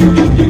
Thank you.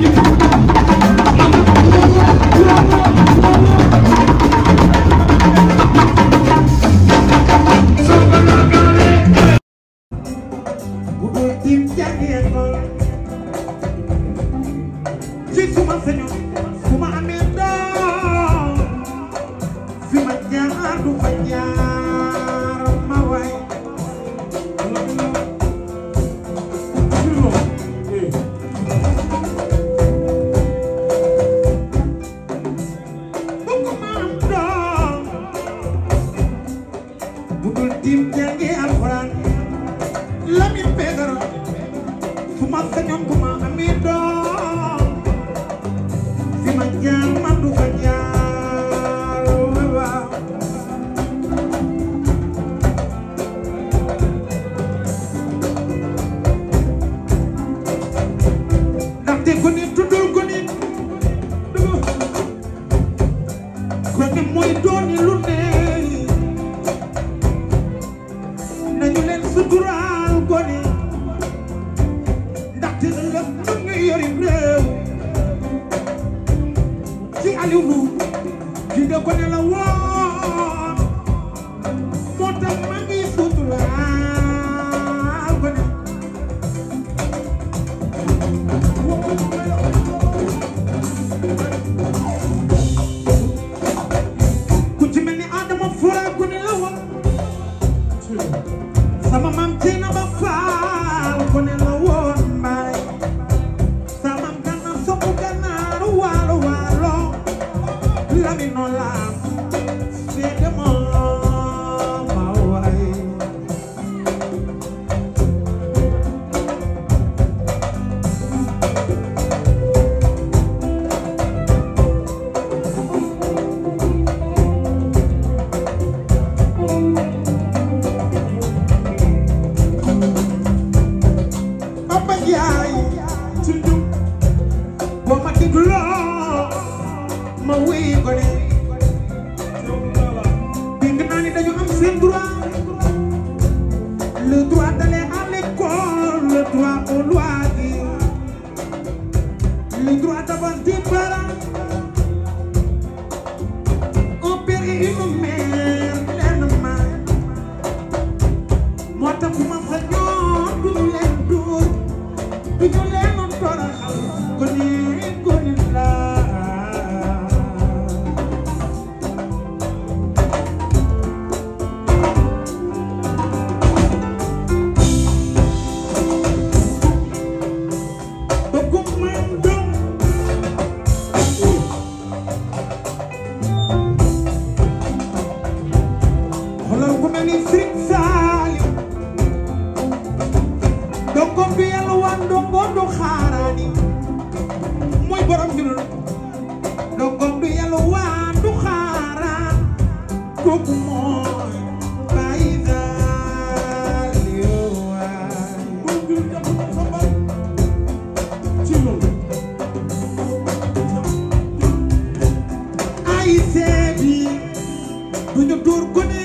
duñu tuur ku ni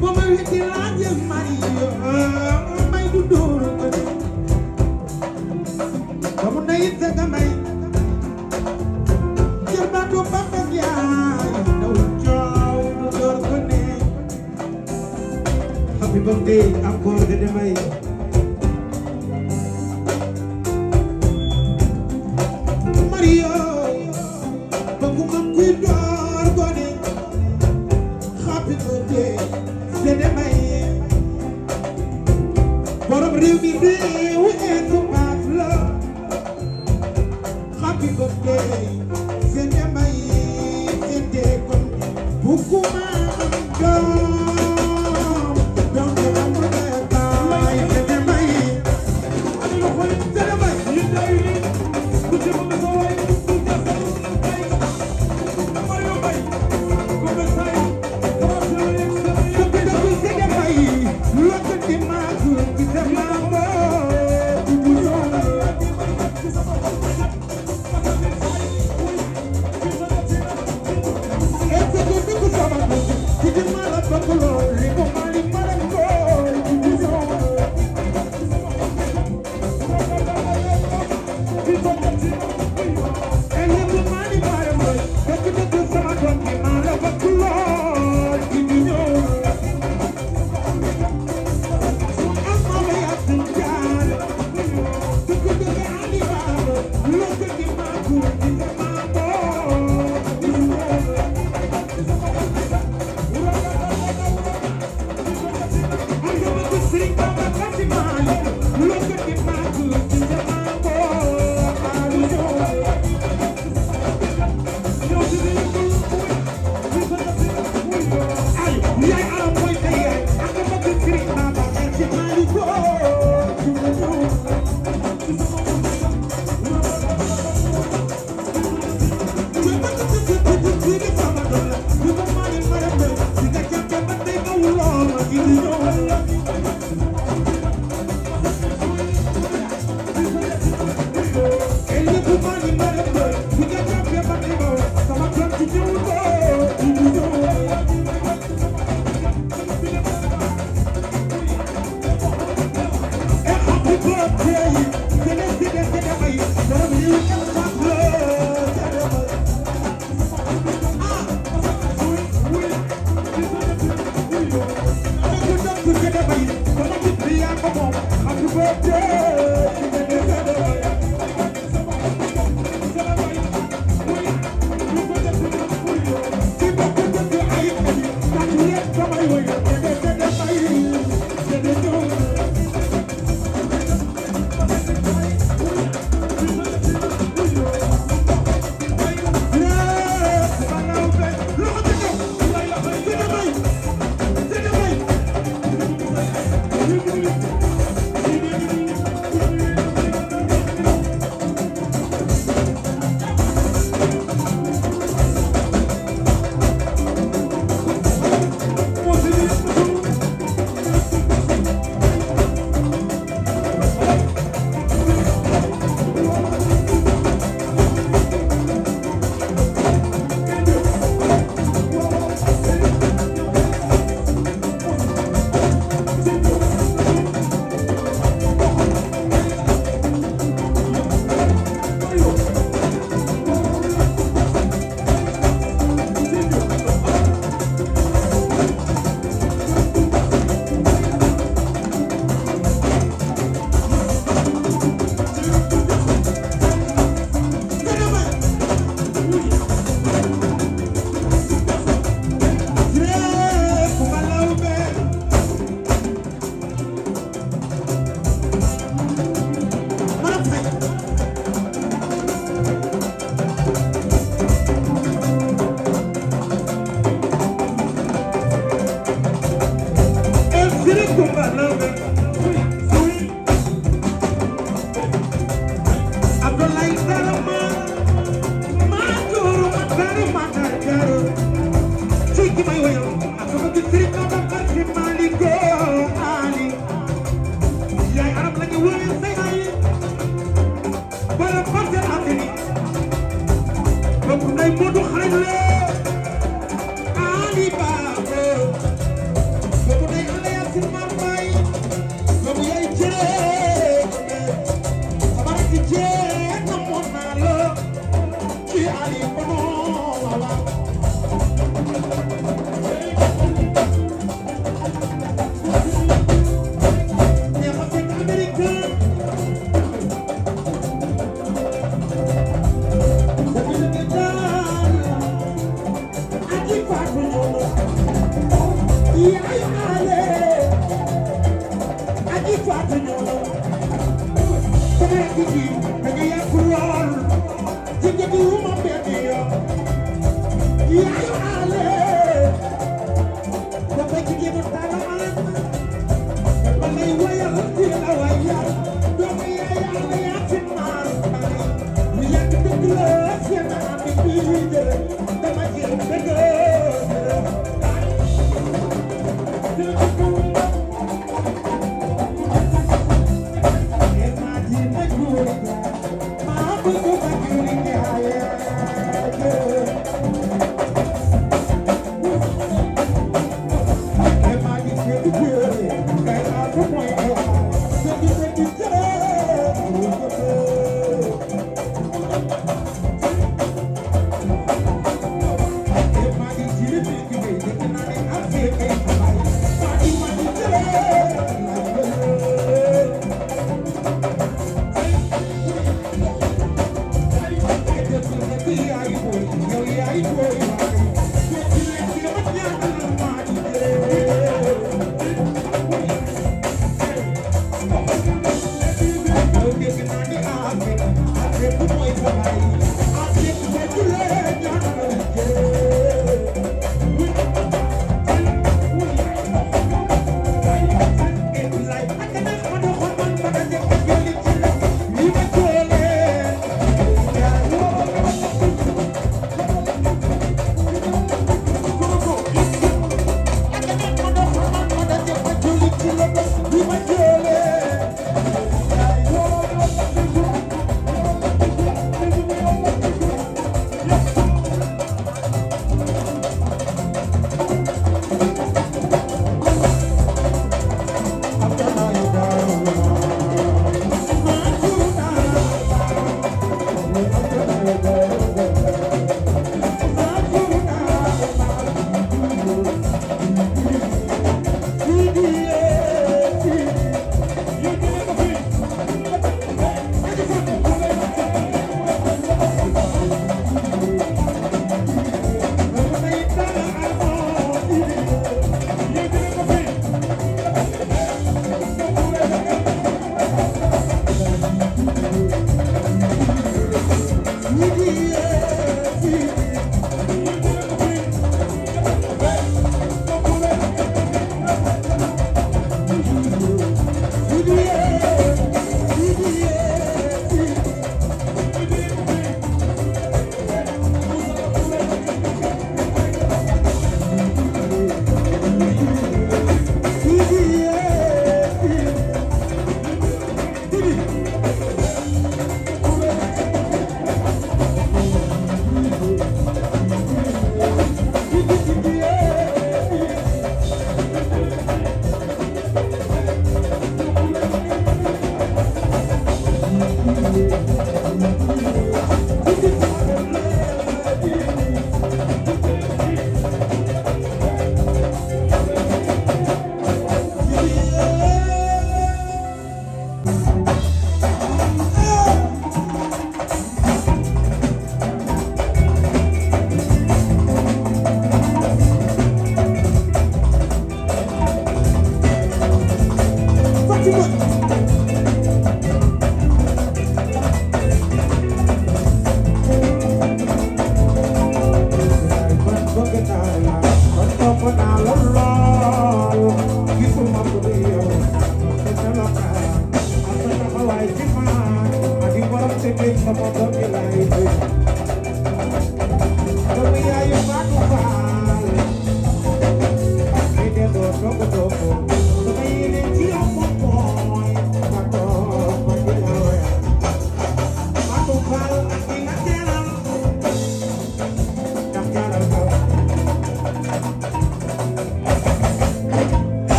bu ma witi laa jël may du tuur ba mu ne it daga may jël ba du yaay daw coow du tuur ku ni happy birthday encore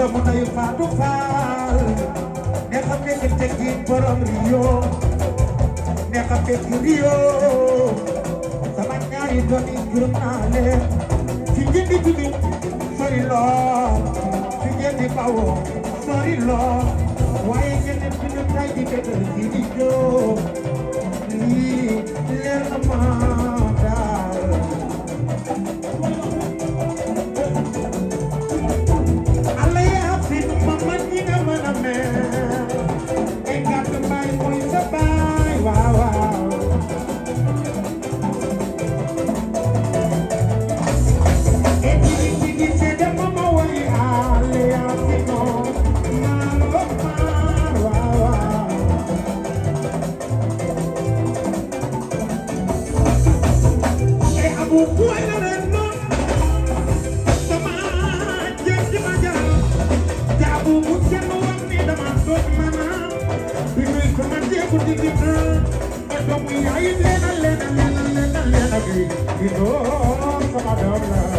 doomu ndeyu Fatou Fall ne xam ne ci tekki borom Rio ne xam ne ci Rio sama ñaari doom yi juróom naa leen fi ngeen di judd sori lool fi ngeen di bawoo sori lool waaye ngeen di dund di bëgg di leer na You know, some of them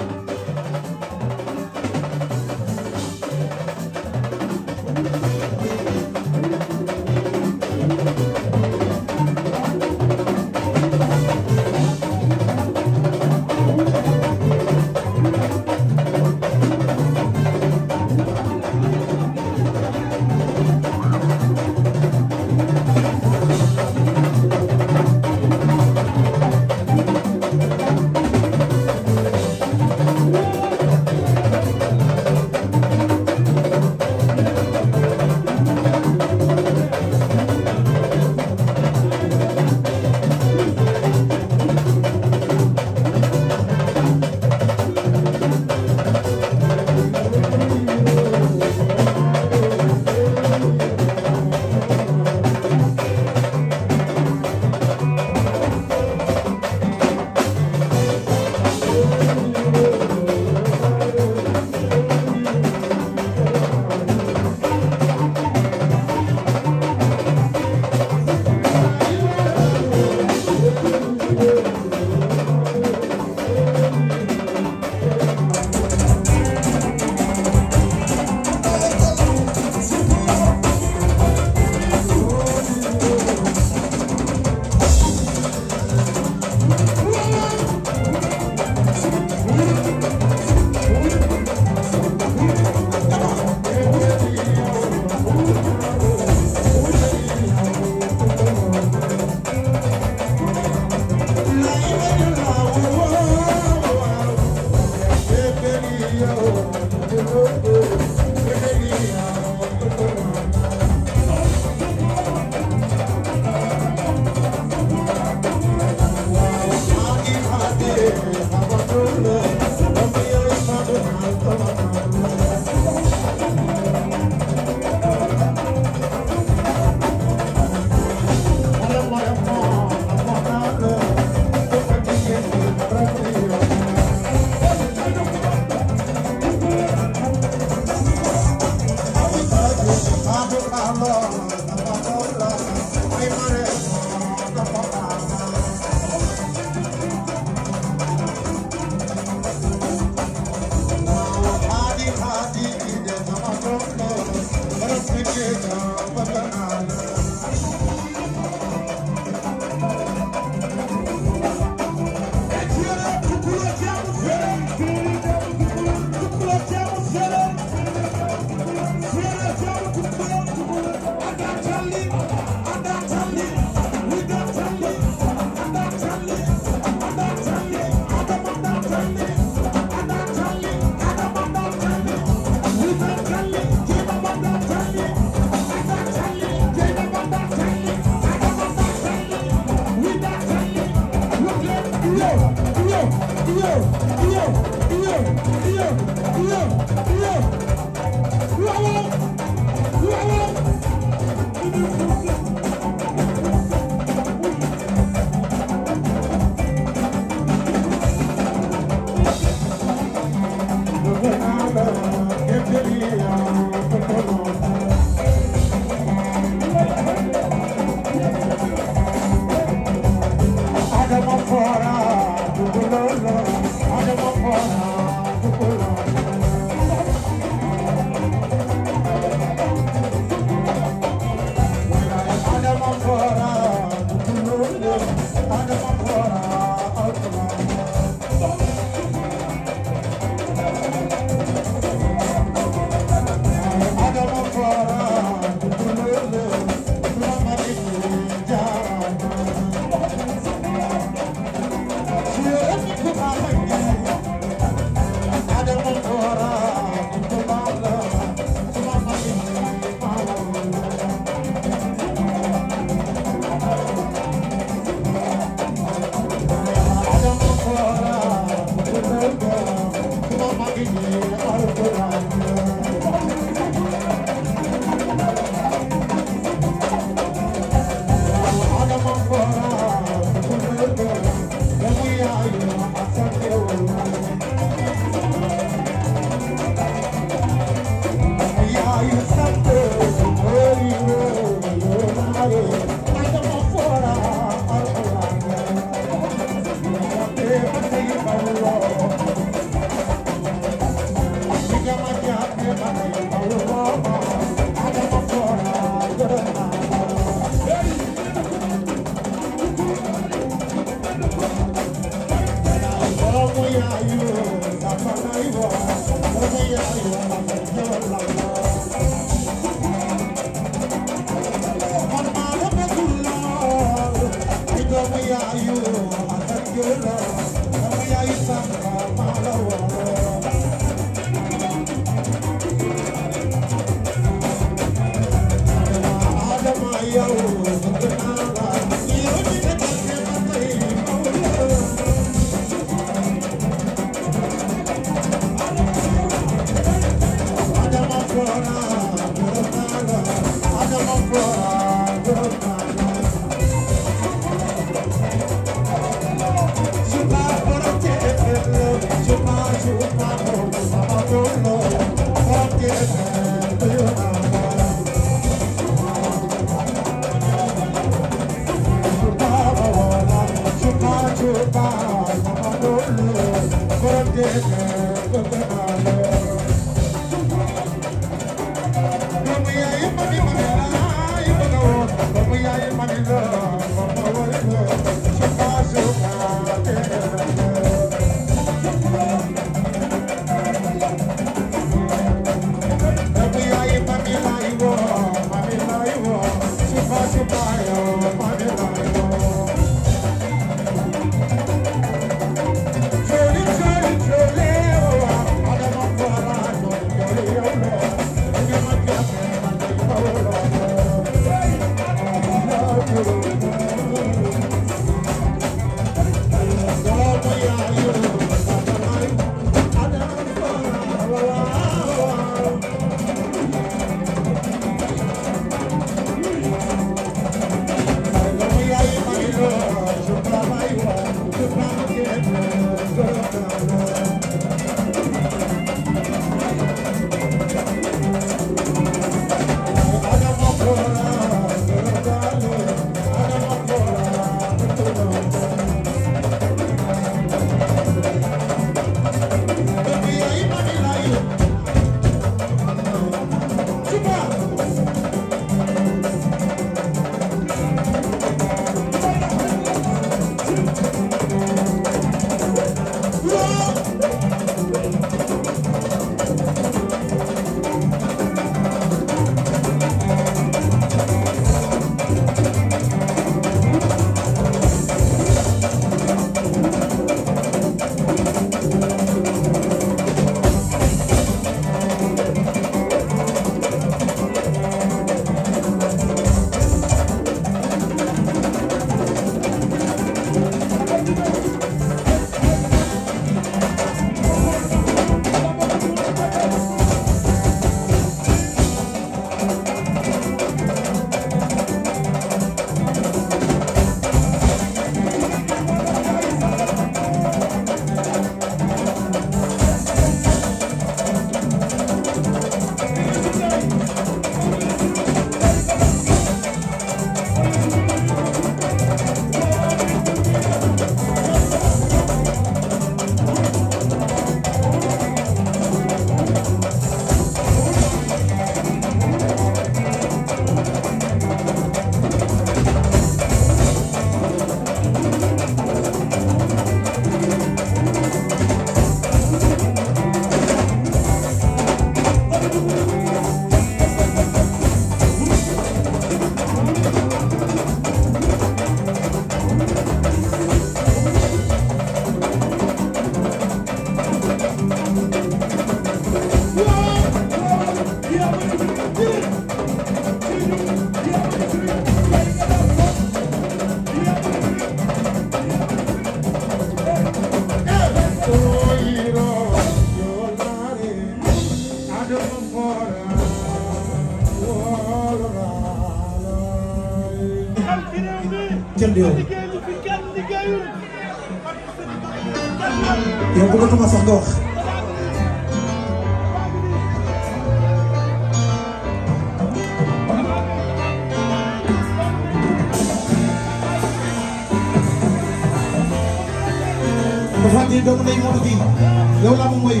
doomu ndey Modou Guèye yow laa ma mooy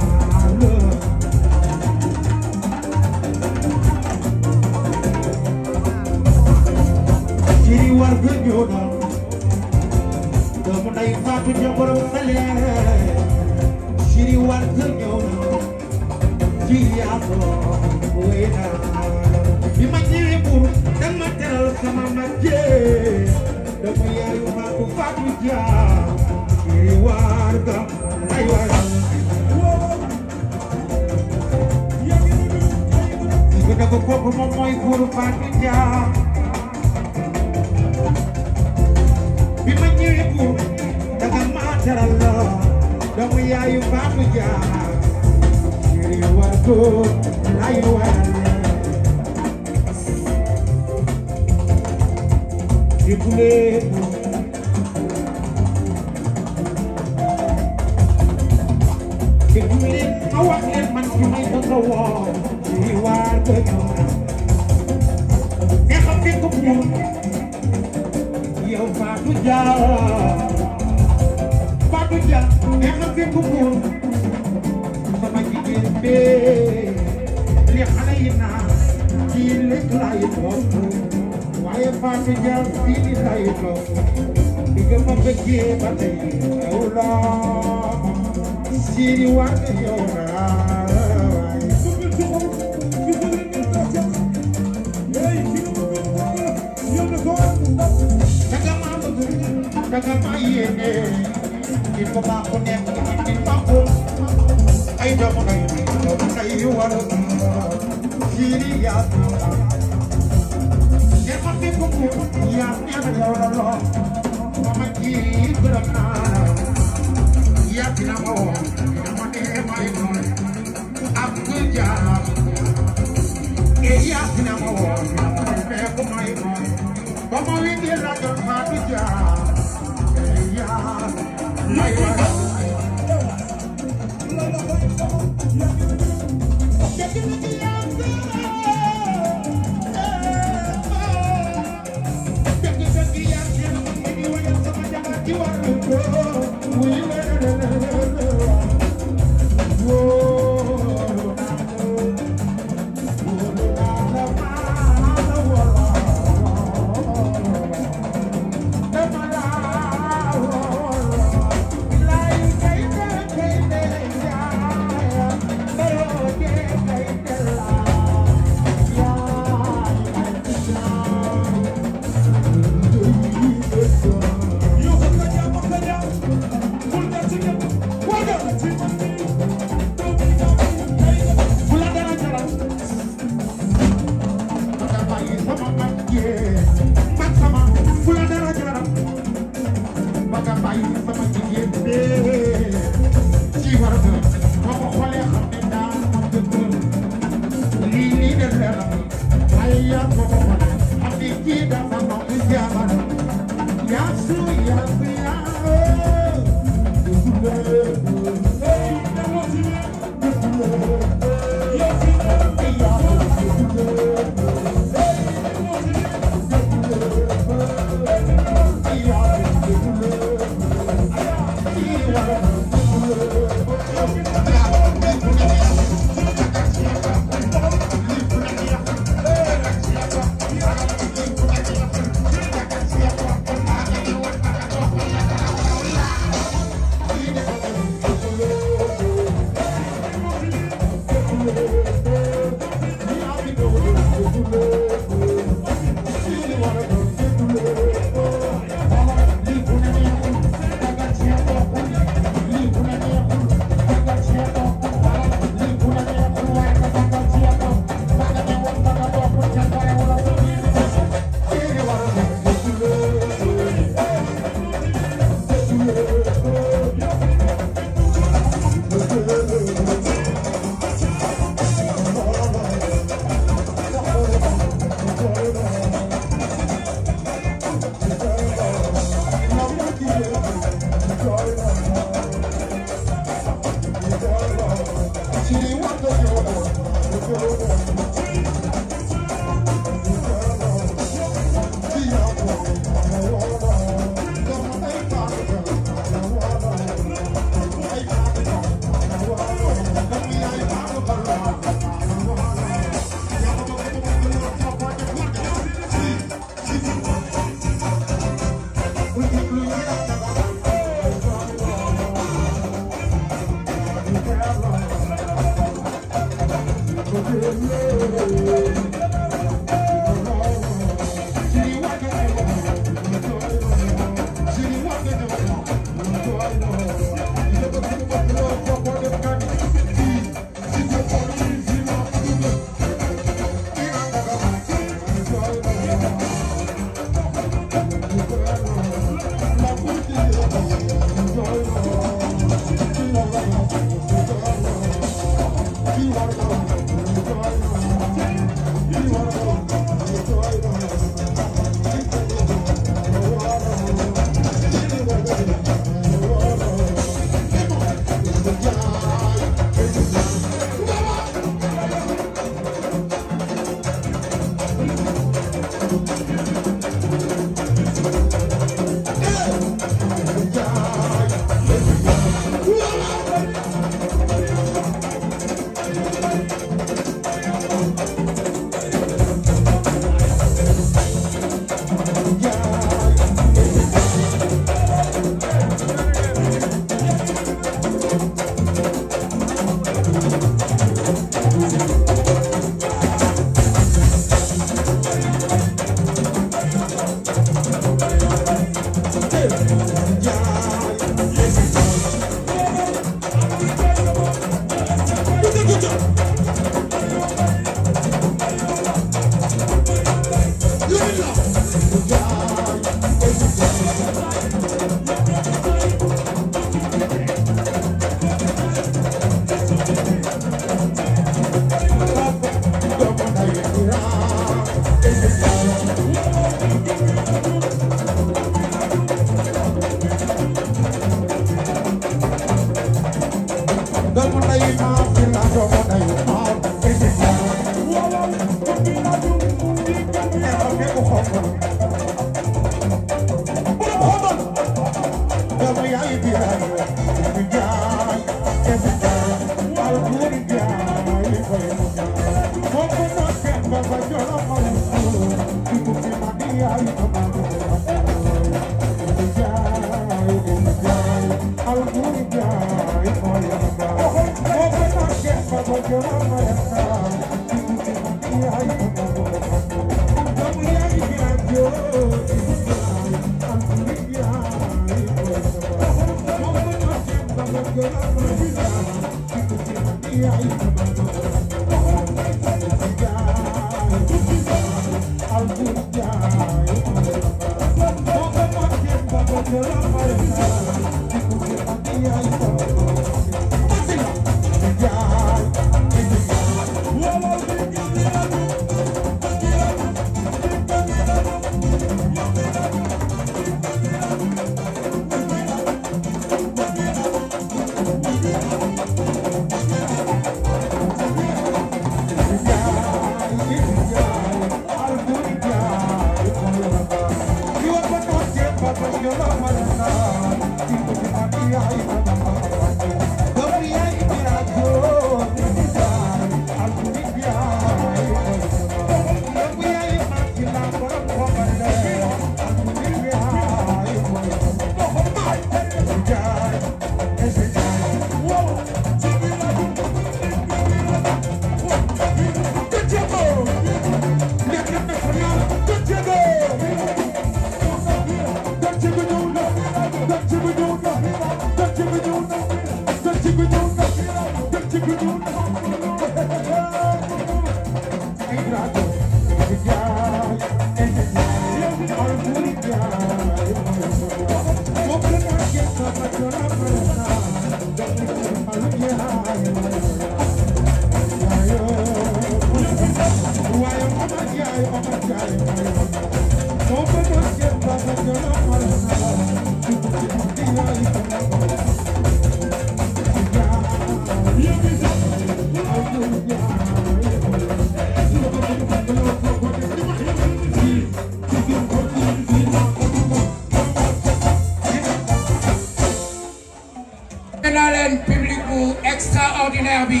extraordinaire bi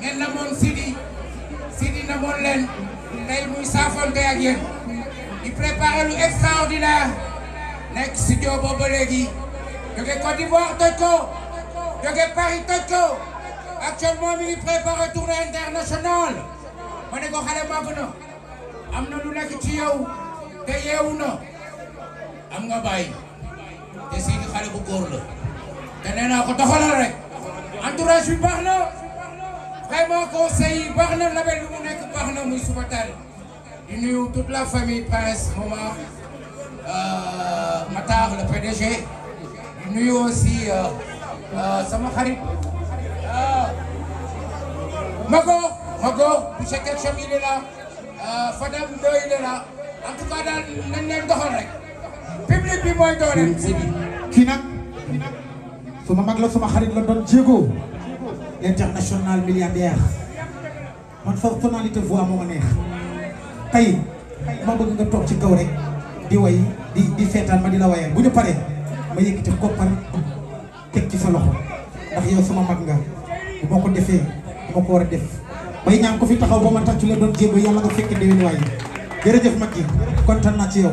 ngeen namoon Sidi Sidi namoon leen tey muy saafonte ak yéen di préparer lu extraordinaire nekk studio boobu léegi jóge Côte d'Ivoire toj ko jóge Paris toj ko actuellement mi ngi préparer tournée internationale ma ne ko xale màgg na am na lu nekk ci yow te yeewu na am nga bàyyi te Sidi xale bu góor la te nee naa ko doxalal rek. entourage bi baax na vraiment conseil yi baax na label nekk baax na muy Soubatel di nuyu la famille Prince Momar euh, Matar le PDG di nuyu euh, euh, sama xarit Mago Mago monsieur Ketchup il est là Fadam Ndoye il est là daal nañ leen doxal rek public bi mooy dooleel si bi kii ma mag la suma xarit la doon jéego international milliardaire man fa tonalité voix moo ma neex tey ma bëgg nga toog ci kaw rek di way di di feetaan ma di la wayal bu ñu paree ma yëkkati koppar teg ci sa loxo ndax yow suma mag nga bu ma ko defee bu ma ko war a def bay ñaan ko fi taxaw ba ma tàccu la doon jéego yàlla nga fekk déwén waaye jërëjëf mag yi kontaan naa ci yow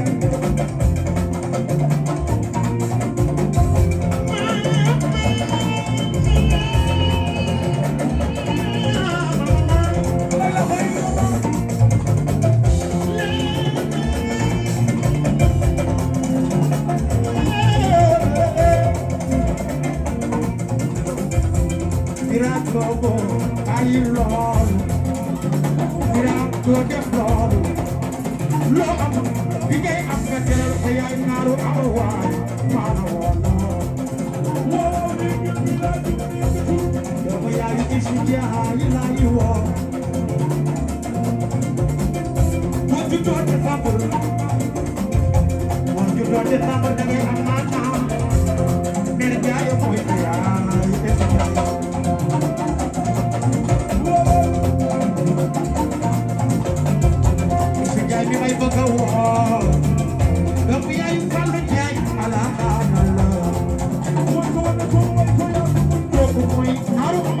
bàyyi loolu yaa ko def loolu loo am bi ngay am nga teral ko yaay naaru amal waay maana woon doomu yaay isu jaayi laayi woon wajju doote sabul wajju doote sabul da ngay am maana Maroc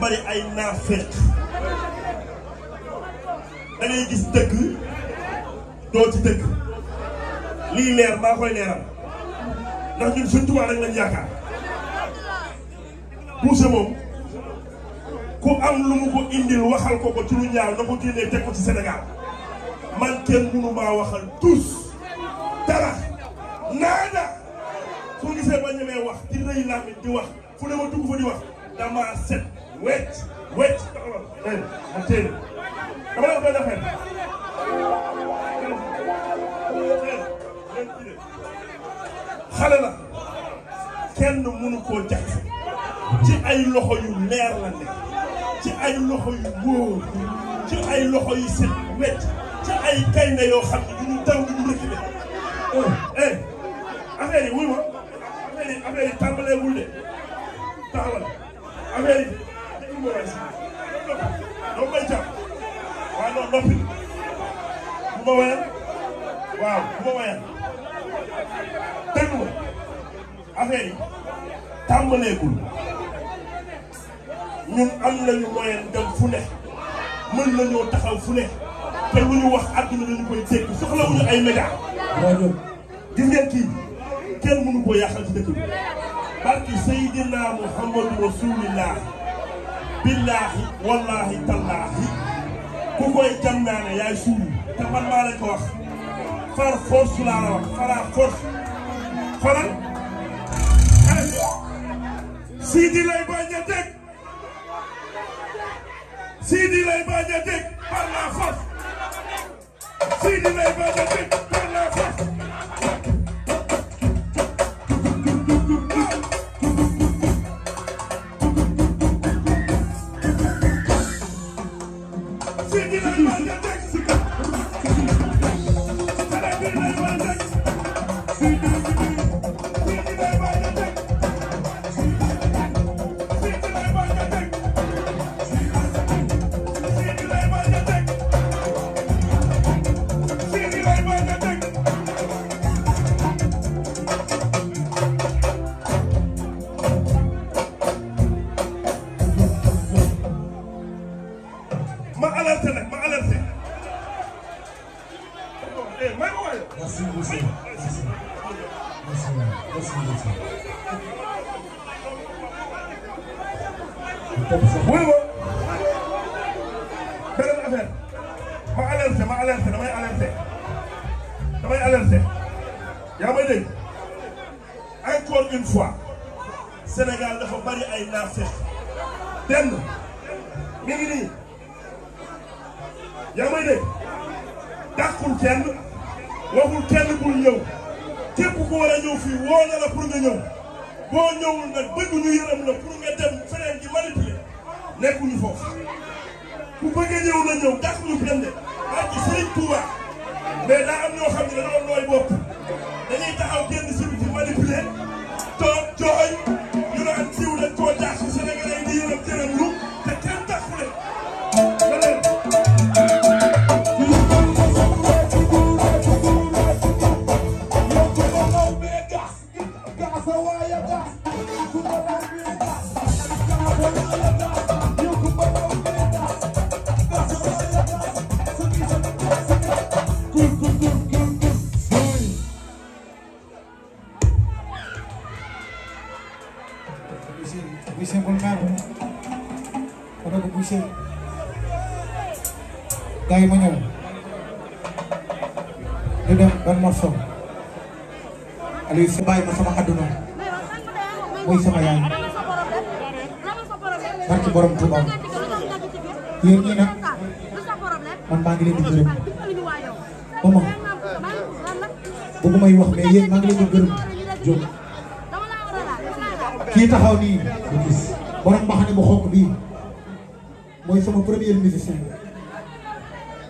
bari ay naafeq da gis dëgg doo ci dëgg lii leer maa koy leeral ndax ñun suñ tubaab rek lañ yaakaar puuse moom ku am lu mu ko indil waxal ko ko ci lu ñaaw na ko génnee teg ko ci senegal man kenn mënu maa waxal tous dara naada su gisee ba ñemee wax di rëy làmmiñ di wax fu ne ma dugg fa di wax damaa set wecc wecc taxawal dégg nga teel dama la kenn mënu koo ci ay loxo yu leer la nekk ci ay loxo yu wóor ci ay loxo yu set wecc ci ay gaynde yoo xam ne duñu daw duñu rëcc de eh, eh. affaire yi wuy ma affaire yi affaire yi tàmbalee wul de dama may jàpp waaye noonu noppi bu ma wayal waaw bu ma wayal déglu affaire yi tàmbaleegul ñun am nañu moyen dem fu ne mën nañoo taxaw fu ne te lu ñu wax àdduna lañu koy dégg soxlawuñu ay média rajo gis kii kenn mënu koo yàqal ci dëkk bi barki Seydina Muhammadu Rasulillah billaahi wallaahi tallaahi ku koy jam naane yaay suul te man maa la ko wax par force laa la wax par force xoolal Sidi lay bañ a teg Sidi lay bañ a teg par la force Sidi lay bañ a teg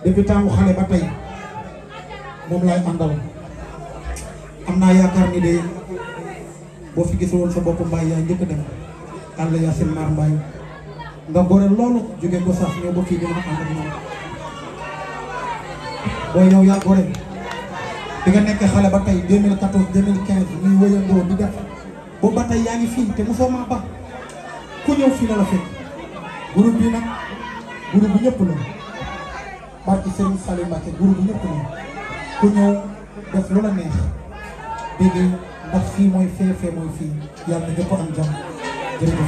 depuis temps mu xale ba tey moom laay àndal am naa yaakaar ni de boo fi gis woon sa bopp mbaay yaa njëkk dem àll yaa seen maar mbaay ndax gore loolu jóge ko sax ñëw ba fii dina ànd ak moom booy yow yaa gore bi nga di def boobu ba tey yaa ngi fii te mosoo maa ba ku ñëw fii la la fekk groupe nag groupe bu ñëpp la barki Serigne Saliou Mbacké groupe bi ñëpp nii ku lu la neex déggee ndax fii mooy fee fee mooy fii yàlla na ñëpp am jàmm jërëjëf.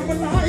Mario,